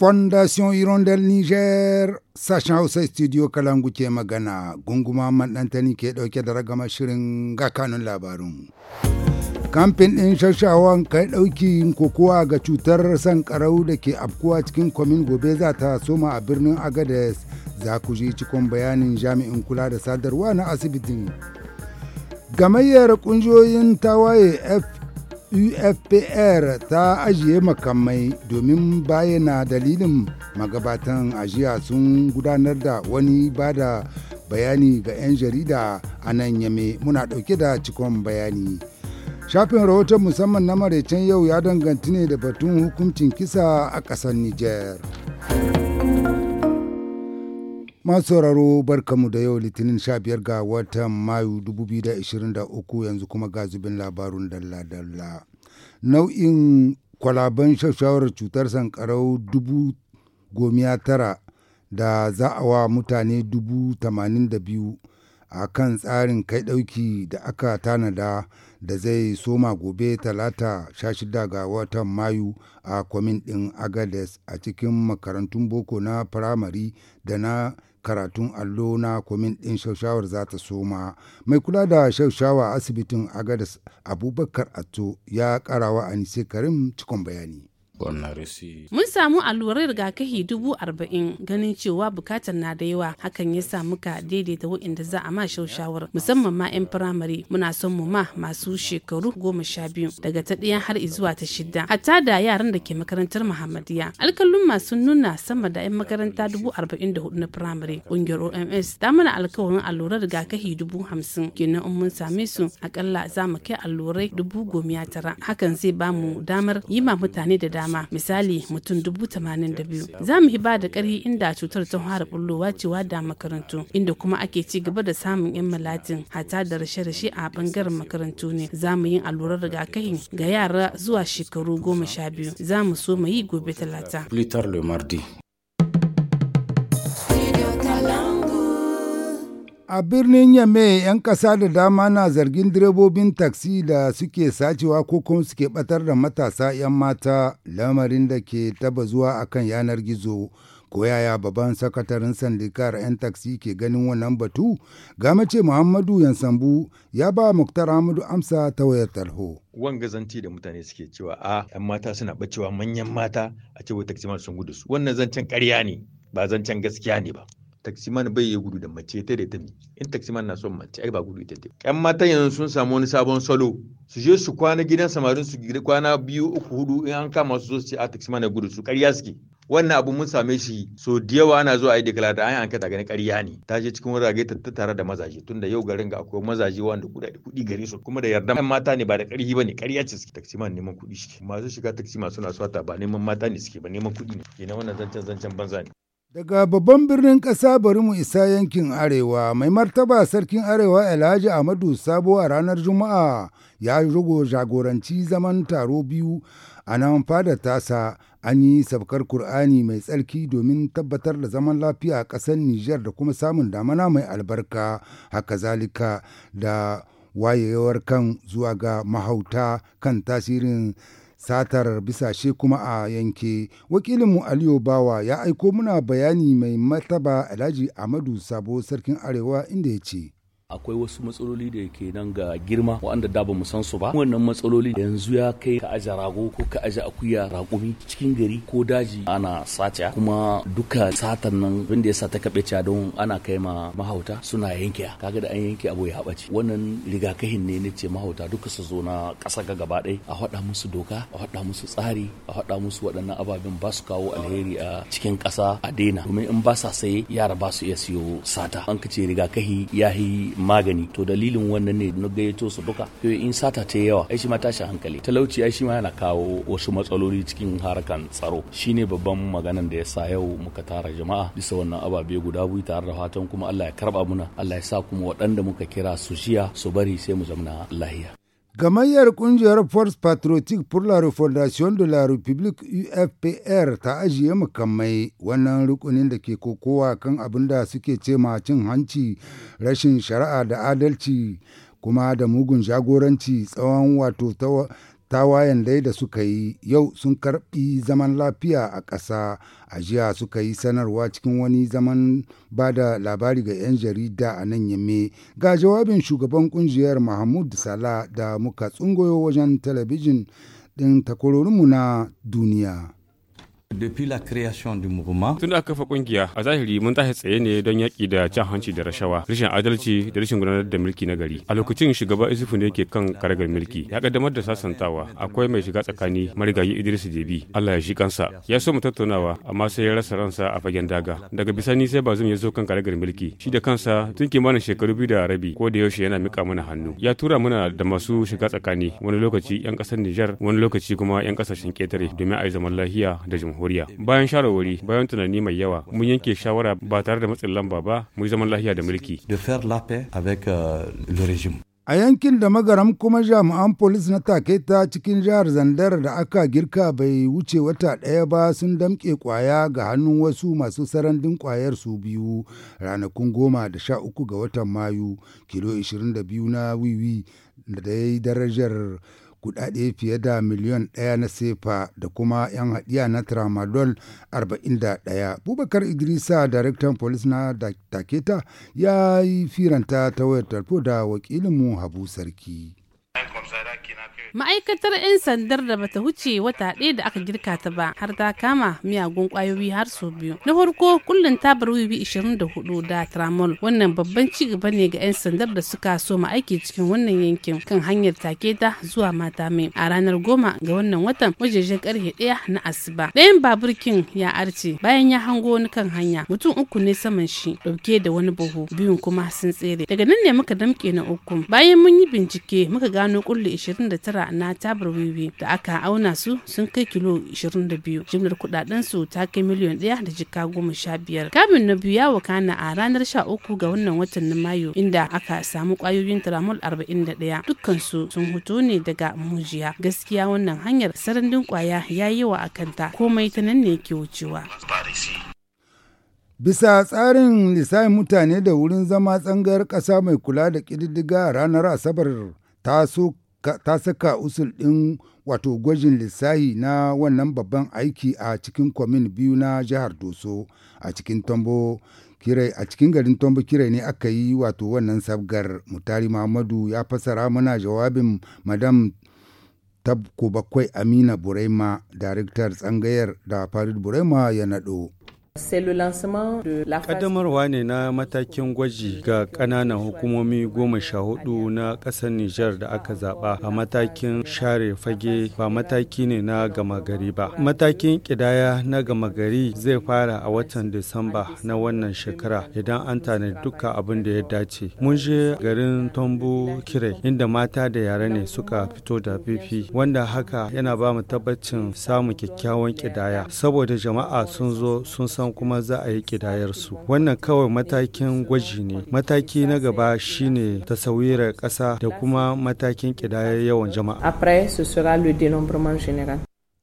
fondation hirondel niger sashen hausa studio kalangu ke magana gunguma maɗantani ke ɗauke da ragama shirin ga kanun labarun kamfin ɗin shashawan kai ɗauki kokowa ga cutar sankarau da ke afkuwa cikin kwamin gobe za ta soma a birnin agades za ku ji cikon bayanin jami'in kula da sadarwa na asibitin gamayyar ƙungiyoyin tawaye f UFPR ta ajiye makamai domin bayyana dalilin magabatan ajiya sun gudanar da wani ba da bayani ga 'yan jarida a nan yame muna dauke da cikon bayani. Shafin rahoton musamman na maraicen yau ya danganci ne da batun hukuncin kisa a ƙasar Nijar. Masu sauraro barkamu da yau litinin 15 ga watan Mayu 2023 yanzu kuma ga zubin labarun dalla-dalla. Nau'in kwalaban shawarar cutar sankarau dubu tara da za a wa mutane dubu a kan tsarin kai ɗauki da aka tanada da zai soma gobe talata sha shida ga watan mayu a kwamin ɗin agades a cikin makarantun boko na firamare da na karatun allo na kwamin ɗin shaushawar za ta soma mai kula da shaushawa asibitin agades abubakar Atto ya karawa anise karim cikon bayani Mun samu allurar rigakafi dubu arba'in ganin cewa bukatar na da yawa hakan ya sa muka daidaita waɗanda za a ma shaushawar musamman ma 'yan firamare muna son mu ma masu shekaru goma sha biyu daga ta ɗaya har zuwa ta shida hatta da yaran da ke makarantar Muhammadiya. Alkalin masu nuna sama da 'yan makaranta dubu arba'in da hudu na firamare ƙungiyar OMS ta mana alkawarin allurar rigakafi dubu hamsin kenan in mun same su akalla za mu kai allurai dubu goma tara hakan zai ba mu damar yi ma mutane da dama dama misali mutum dubu tamanin da biyu za mu ba da ƙarfi inda cutar ta fara bullowa cewa da makarantu inda kuma ake ci gaba da samun yan malatin hata da rashe-rashe a bangaren makarantu ne za mu yi allurar rigakafin ga yara zuwa shekaru goma sha biyu za mu so mu yi gobe talata. A birnin Yame, 'yan ƙasa da dama na zargin direbobin taksi da suke sacewa ko kuma suke ɓatar da matasa 'yan mata lamarin da ke taba zuwa akan yanar gizo. Ko yaya babban sakataren sandikar 'yan taksi ke ganin wannan batu? Gamace Muhammadu Yansambu ya ba Muktar Ahmadu amsa ta wayar tarho. wanga da mutane suke cewa a 'yan mata suna bacewa manyan mata a cewa taksi sun gudu su. Wannan zancen karya ne ba zancen gaskiya ne ba. taximan bai yi gudu da mace ta da ta mi in taximan na son mace ai ba gudu ita ta yan mata yanzu sun samu wani sabon salo su je su kwana gidan samarin su gida kwana biyu uku hudu in an kama su zo su ce a ah, taximan na gudu su karya suke wannan abu mun same shi so da yawa ana zuwa ai da an ankata gani ƙarya ne ta je cikin wurare ta tare da mazaje tunda yau garin ga akwai mazaje wanda kuɗi kudi gare su kuma da yarda yan mata ne ba da ƙarfi bane ƙarya ce suke taximan neman kuɗi shi masu shiga taxi masu na swata ba neman mata ne suke ba neman kudi ne ina wannan zancen zancen banza ne Daga babban birnin ƙasa bari mu isa yankin Arewa, mai martaba sarkin Arewa Alhaji Ahmadu Sabo a ranar Juma'a ya rugo jagoranci zaman taro biyu a nan fada tasa an yi sabkar Kur'ani mai tsarki domin tabbatar da zaman lafiya a ƙasar Nijar da kuma samun damana mai albarka, haka zalika da wayewar kan zuwa ga mahauta kan tasirin satar bisashe kuma a yanke wakilinmu aliyu bawa ya aiko muna bayani mai mataba alhaji amadu sabo sarkin arewa inda ya ce akwai wasu matsaloli da ke nan ga girma waɗanda da ba mu san su ba wannan matsaloli yanzu ya kai ka aje rago ko ka aje akuya raƙumi cikin gari ko daji ana sace kuma duka satan nan wanda ya sa ta kabe don ana kai ma mahauta suna yanke kaga da an yanke abu ya ɓace wannan rigakafin ne ne ce mahauta duka su zo na ƙasa ga gaba ɗaya a haɗa musu doka a hada musu tsari a haɗa musu waɗannan ababen ba su kawo alheri a cikin ƙasa a daina domin in ba sa saye yara ba su iya siyo sata an kace rigakafi ya yi magani to dalilin wannan ne na gayyato su duka in sata ta yawa ai shi ma tashi hankali talauci ai ma yana kawo wasu matsaloli cikin harkan tsaro shine babban maganan da ya sa yau muka tara jama'a bisa wannan ababe guda biyu tare da fatan kuma Allah ya karba muna Allah ya sa kuma waɗanda muka kira su jiya su bari sai mu zamna lahiya Gamayyar ƙungiyar Force Patriotic pour la Refondation de la République UFPR ta ajiye makamai wannan rukunin da ke kokowa kan abin da suke ce cin hanci rashin shari'a da adalci kuma da mugun jagoranci tsawon wato tawayen dai da suka yi yau sun karbi zaman lafiya a ƙasa a jiya suka yi sanarwa cikin wani zaman ba da labari ga 'yan jarida a nan yamme ga jawabin shugaban kungiyar mahmud sala da muka tsungoyo wajen talabijin ɗin takwarorinmu na duniya depuis la création du Tun da aka kafa kungiya a zahiri mun tashi tsaye ne don yaki da cin hanci da rashawa, rashin adalci da rashin gudanar da mulki na gari. A lokacin shugaba Isufu ne ke kan karagar mulki, ya kaddamar da sasantawa, akwai mai shiga tsakani marigayi Idris jibi Allah ya shi kansa. Ya so mu tattaunawa amma sai ya rasa ransa a fagen daga. Daga bisani sai Bazum ya zo kan karagar mulki, shi da kansa tun kimanin shekaru biyu da rabi ko da yaushe yana mika mana hannu. Ya tura mana da masu shiga tsakani, wani lokaci 'yan ƙasar Nijar, wani lokaci kuma 'yan ƙasashen ketare domin a yi zaman lafiya da jumhur. jamhuriya bayan shawarwari bayan tunani mai yawa mun yanke shawara ba tare da matsin lamba ba mu zaman lafiya da mulki euh, a yankin da magaram kuma jami'an polis na takaita cikin jihar zandar da aka girka bai wuce wata ɗaya ba sun damƙe ƙwaya ga hannun wasu masu sarandin ƙwayar su biyu ranakun goma da sha uku ga watan mayu kilo 22 na wiwi da ya yi darajar kudade fiye da miliyon ɗaya na sefa da kuma 'yan hadiya na tramadol 41 bubakar idrisa daraktan polis na taketa ya yi firanta ta wayar tarfo da wakilinmu habu sarki ma'aikatar 'yan sandar da bata huce wata ɗaya da aka girka ta ba har ta kama miyagun ƙwayoyi har sau biyu na farko kullum bar wiwi 24 da tramol wannan babban ci gaba ne ga 'yan sandar da suka so aiki cikin wannan yankin kan hanyar take ta zuwa mata mai a ranar goma ga wannan watan wajejen karfe ɗaya na asuba ɗayan babur kin ya arce bayan ya hango wani kan hanya mutum uku ne saman shi ɗauke da wani buhu biyun kuma sun tsere daga nan ne muka damƙe na uku bayan mun yi bincike muka gano da 29 tara na tabar wiwi da aka auna su sun kai kilo 22 jimlar kudaden su ta kai miliyan ɗaya da jika goma sha biyar kamin na biyu ya wakana a ranar sha uku ga wannan watan na mayu inda aka samu kwayoyin tramol 41 dukkan su sun hoto ne daga mujiya gaskiya wannan hanyar sarandin kwaya ya yi wa akanta komai ta nan ne ke wucewa Bisa tsarin lissafin mutane da wurin zama tsangayar ƙasa mai kula da ƙididdiga ranar Asabar ta so ta saka usul ɗin wato gwajin lissahi na wannan babban aiki a cikin kwamin biyu na jihar doso a cikin tambo kirai a cikin garin tombo kirai ne aka yi wato wannan sabgar mutari muhammadu ya fasara mana jawabin madam tabko bakwai amina burema daraktar tsangayar da farid burema ya naɗo. kadamar ne na matakin gwaji ga ƙananan hukumomi goma sha hudu na ƙasar Nijar da aka zaba a matakin share fage ba mataki ne na gama gari ba. Matakin ƙidaya na gama gari zai fara a watan Disamba na wannan shekara idan an tanadi duka abin da ya dace. Mun je garin Tombo Kire inda mata da yara ne suka fito da fifi wanda haka yana ba mu tabbacin samun kyakkyawan ƙidaya saboda jama'a sun zo sun san kuma za a yi kidayar su wannan kawai matakin gwaji ne mataki na gaba shine tasawirar ƙasa da kuma matakin kidayar yawan jama'a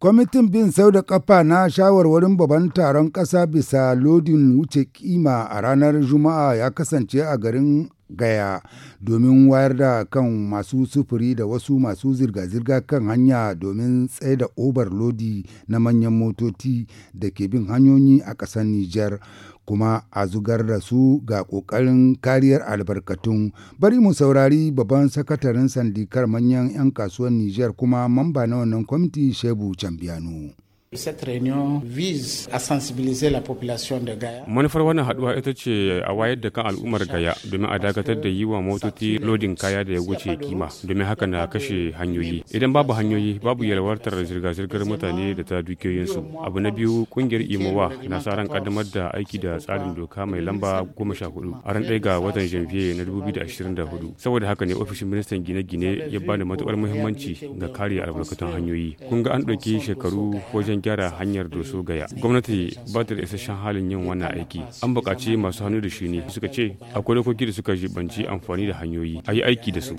kwamitin bin sau da kafa na shawarwarin babban taron ƙasa bisa lodin wuce kima a ranar juma'a ya kasance a garin gaya domin wayar da kan masu sufuri da wasu masu zirga-zirga kan hanya domin tsaida overlodi na manyan motoci da ke bin hanyoyi a ƙasar Nijar kuma a zugar da su ga ƙoƙarin kariyar albarkatun bari mu saurari babban sakataren sandikar manyan 'yan kasuwar Nijar kuma mamba na wannan kwamiti Shebu Cambiano. Cette réunion vise à sensibiliser la population de Gaya. Manufar wannan haduwa ita ce a wayar da kan al'ummar gaya domin a dakatar da yi wa motoci lodin kaya da ya wuce kima domin haka na kashe hanyoyi. Idan babu hanyoyi babu yalwartar zirga-zirgar mutane da ta dukiyoyinsu. Abu na biyu kungiyar Imowa na sa ran kaddamar da aiki da tsarin doka mai lamba goma sha hudu a ga watan Janvier na dubu biyu da da hudu Saboda haka ne ofishin ministan gine-gine ya bada matukar muhimmanci ga kare albarkatun hanyoyi. Kun ga an ɗauki shekaru wajen gyara hanyar doso gaya gwamnati ba ta da isasshen halin yin wannan aiki an buƙaci masu hannu da shi ne suka ce akwai dokoki da suka jibanci amfani da hanyoyi a yi aiki da su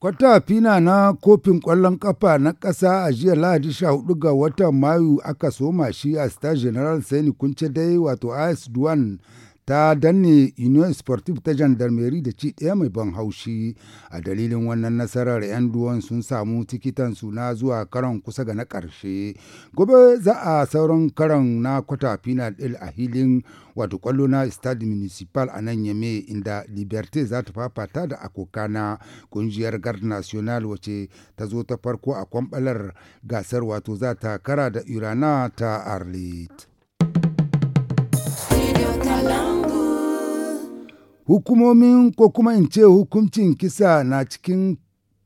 Kwata fina na kofin kwallon ƙafa na ƙasa a jiya Lahadi 14 ga watan Mayu aka soma shi a Star General Sani Kunce dai wato AS duan ta danne union sportive ta gendarmerie da ci ɗaya mai ban haushi a dalilin wannan nasarar 'yan duwan sun samu tikitan suna zuwa karon kusa ga na ƙarshe gobe za a sauran karon na kwata final ɗil a hilin wato kwallo na stade municipal a nan yame inda liberté za ta fafata da na kungiyar gard national wace ta zo ta farko a kwambalar gasar wato za ta kara da irana ta arlit. Hukumomin ko kuma in ce hukuncin kisa na cikin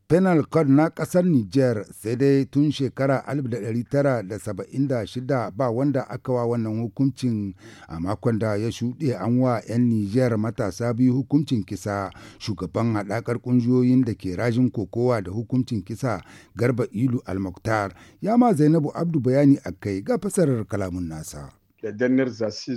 penal code na kasar niger sai dai tun shekara 1976 ba wanda aka wa wannan hukuncin a makon da ya shuɗe an wa 'yan niger matasa biyu hukuncin kisa shugaban haɗakar ƙungiyoyin da ke rajin kokowa da hukuncin kisa garba ilu almuktar ya ma zainabu abdu bayani a kai ga fasarar kalamun nasa.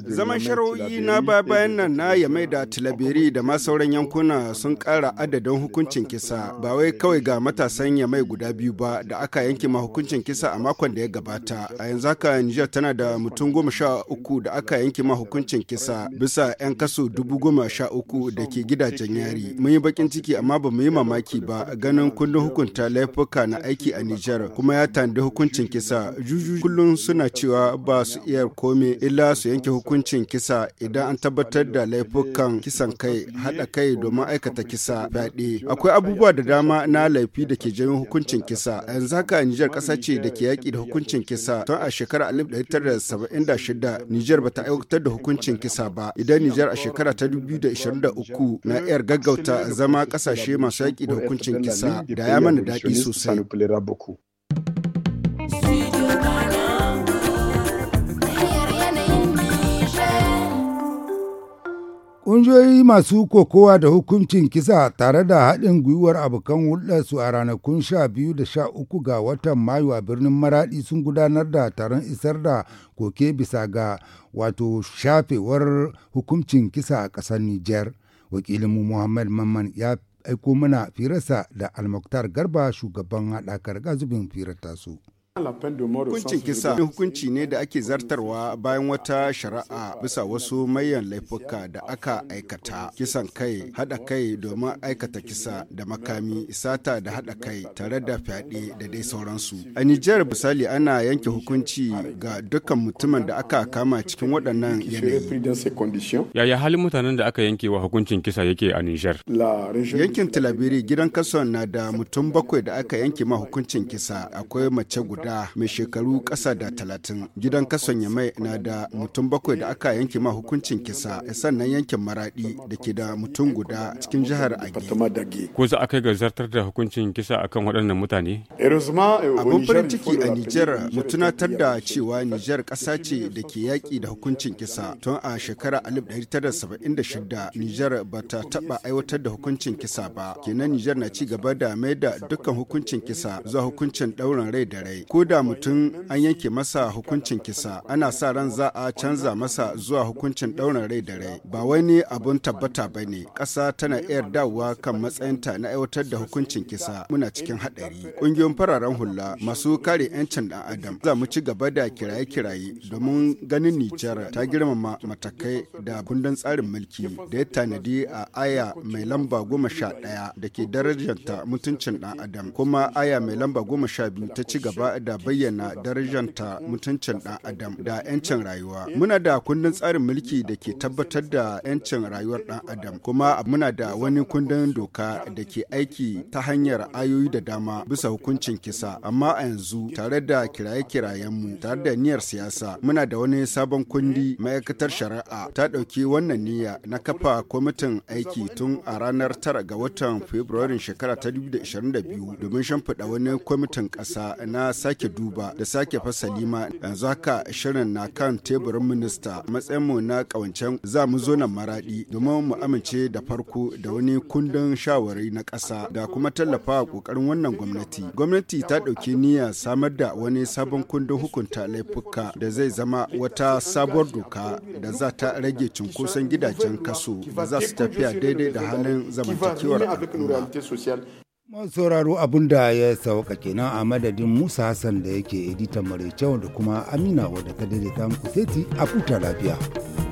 Zaman shari'o'i na bayan nan na ya mai da tilabiri da ma sauran yankuna sun kara adadin hukuncin kisa ba wai kawai ga matasan ya mai guda biyu ba da aka yanke ma hukuncin kisa a makon da ya gabata. A yanzu haka niger tana da mutum goma sha uku da aka yanke ma hukuncin kisa bisa 'yan kaso dubu goma sha uku da ke gidajen yari. Mun yi bakin ciki amma ba mu yi mamaki ba ganin kundin hukunta laifuka na aiki a niger kuma ya tanadi hukuncin kisa. Juju kullum suna cewa ba su iya komai illa su yanke hukuncin kisa idan an tabbatar da laifukan kisan kai haɗa kai domin aikata kisa fyaɗe akwai abubuwa da dama na laifi da ke janyo hukuncin kisa yanzu haka nijar ƙasa ce da ke yaƙi da hukuncin kisa tun a shekarar 1976 nijar bata aiwatar da hukuncin kisa ba idan nijar a shekara ta 2023 na yar gaggauta zama ƙasashe masu yaƙi da hukuncin kisa da ya mana daɗi sosai. Studio Ƙungiyoyi masu kokowa da hukuncin kisa tare da haɗin gwiwar abokan su a ranakun sha biyu da uku ga watan Mayu a birnin Maraɗi sun gudanar da taron isar da koke bisa ga wato shafewar hukuncin kisa a ƙasar Nijar. Wakilinmu Muhammad Mamman ya aiko mana firarsa da almaktar Garba shugaban haɗakar gazubin firar tasu. Hukuncin kisa hukunci ne da ake zartarwa bayan wata shari'a bisa wasu mayan laifuka da aka aikata kisan kai hada kai domin aikata kisa da makami sata da hada kai tare da fyaɗe da dai sauransu. A Nijar misali ana yanke hukunci ga dukkan mutumin da aka kama cikin waɗannan yanayi. Yaya halin mutanen da aka yanke wa hukuncin kisa yake a Nijar? Yankin Tilabiri gidan kason na da mutum bakwai da aka yanke ma hukuncin kisa akwai mace guda. guda mai shekaru kasa da talatin. Gidan kason Yamai na da mutum bakwai da aka yanke ma hukuncin kisa sannan yankin Maraɗi da ke da mutum guda cikin jihar agi Ko za a kai ga zartar da hukuncin kisa akan waɗannan mutane? Abin farin ciki a Nijar mutunatar da cewa Nijar ƙasa ce da ke yaƙi da hukuncin kisa tun a alif shekarar 1976 Nijar ba ta taɓa aiwatar da hukuncin kisa ba. Kenan Nijar na ci gaba da mai da dukkan hukuncin kisa zuwa hukuncin ɗaurin rai da rai. ko da mutum an yanke masa hukuncin kisa ana sa ran za a canza masa zuwa hukuncin ɗaurin rai da rai ba wani abun tabbata ba ne ƙasa tana yar dawowa kan matsayinta na aiwatar da hukuncin kisa muna cikin haɗari ƙungiyoyin fararen hula masu kare 'yancin ɗan adam za mu ci gaba da kiraye-kiraye domin ganin nijar ta girmama matakai da kundin tsarin mulki da ya tanadi a aya mai lamba goma sha ɗaya da ke darajanta mutuncin ɗan adam kuma aya mai lamba goma sha biyu ta ci gaba da bayyana darajanta mutuncin ɗan adam da 'yancin rayuwa muna da kundin tsarin mulki da ke tabbatar da 'yancin rayuwar ɗan adam kuma muna da wani kundin doka da ke aiki ta hanyar ayoyi da dama bisa hukuncin kisa amma a yanzu tare da kiraye-kirayenmu tare da niyyar siyasa muna da wani sabon kundi ma'aikatar shari'a ta ɗauki wannan niyya na kafa kwamitin aiki tun a ranar tara ga watan fabrairun shekara ta 2022 domin shimfiɗa wani kwamitin ƙasa na sake sake duba da sake fasali ma yanzu haka shirin na kan teburin minista matsayin mu na kawancen za mu zo nan maraɗi domin mu amince da farko da wani kundin shawarai na ƙasa da kuma tallafa a ƙoƙarin wannan gwamnati. Gwamnati ta ɗauki niyyar samar da wani sabon kundin hukunta laifuka da zai zama wata sabuwar doka da za ta rage cunkoson gidajen kaso ba za su tafiya daidai da halin zamantakewar al'umma. masu sauraro abin da ya sauka kenan a madadin musa hassan da yake editan maraicen da kuma amina wadda ta daidaita muku seti a lafiya. lafiya.